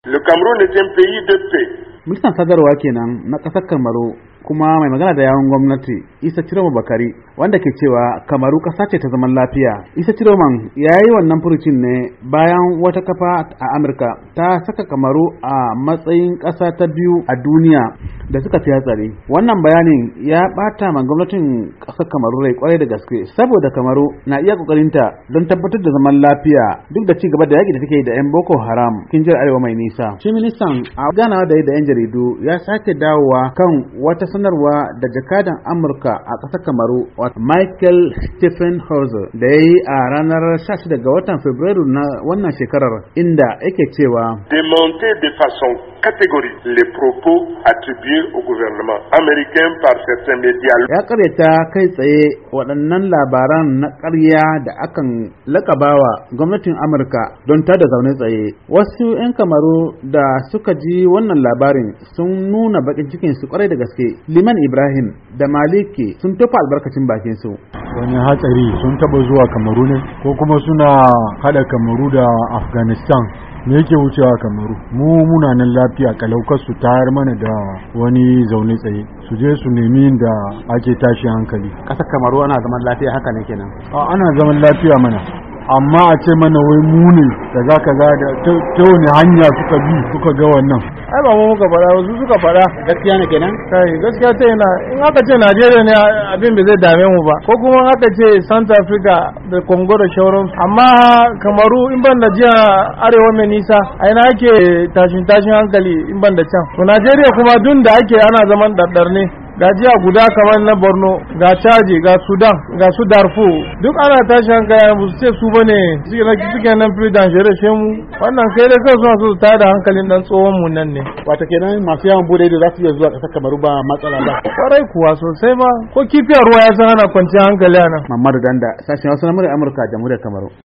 Le Cameroun est un pays de paix. Ministan sadarwa kenan na ƙasar Kamaru kuma mai magana da yawon gwamnati isa ciroma bakari wanda ke cewa kamaru kasa ce ta zaman lafiya isa ciroman ya yi wannan furucin ne bayan wata kafa a amurka ta saka kamaru a matsayin kasa ta biyu a duniya da suka fi hatsari wannan bayanin ya bata ma gwamnatin kasar kamaru rai kwarai da gaske saboda kamaru na iya kokarinta don tabbatar da zaman lafiya duk da ci gaba da yaki da take da yan boko haram jira arewa mai nisa shi ministan a ganawa da yi da yan jaridu ya sake dawowa kan wata sanarwa da jakadan Amurka a ƙasar Kamaru wato Michael Stephen Hauser da ya yi a ranar 16 ga watan Fabrairu na wannan shekarar inda yake cewa. Démonter de façon catégorie les propos attribués au gouvernement américain par certains médias. Ya karyata kai tsaye waɗannan labaran na ƙarya da akan lakabawa gwamnatin Amurka don ta da zaune tsaye. Wasu 'yan kamaru da suka ji wannan labarin sun nuna baƙin cikin su kwarai da gaske. Liman Ibrahim da Maliki sun tofa albarkacin bakin su. Wani hatsari sun taba zuwa kamaru ne ko kuma suna hada kamaru da afghanistan me yake wucewa kamaru mu muna nan lafiya kalaukar su tayar mana da wani zaune tsaye su je su nemi da ake tashi hankali ƙasar kamaru ana zaman lafiya haka ne kenan ana zaman lafiya mana amma a ce mana wai mu ne da za ka da ta wani hanya suka bi suka ga wannan ai ba mu muka fara wasu suka fara gaskiya ne kenan kai gaskiya ta yana in aka ce Najeriya ne abin da zai dame mu ba ko kuma aka ce South Africa da Congo da shauran amma kamaru in ban da jiya arewa mai nisa ai na ake tashin tashin hankali in ban da can to Najeriya kuma dun da ake ana zaman ɗaɗɗar ne ga jiya guda kamar na borno ga caji ga sudan ga su darfo duk ana tashi hankali yanzu su ce su bane suke nan fi shere shi mu wannan sai dai kawai suna so su da hankalin dan tsohon mu nan ne wata kenan masu yawan bude da za su iya zuwa kasar kamaru ba matsala ba kwarai kuwa sosai ma ko kifiyar ruwa ya san ana kwanciyar hankali a nan mamadu danda sashen wasu na amurka jamhuriyar kamaru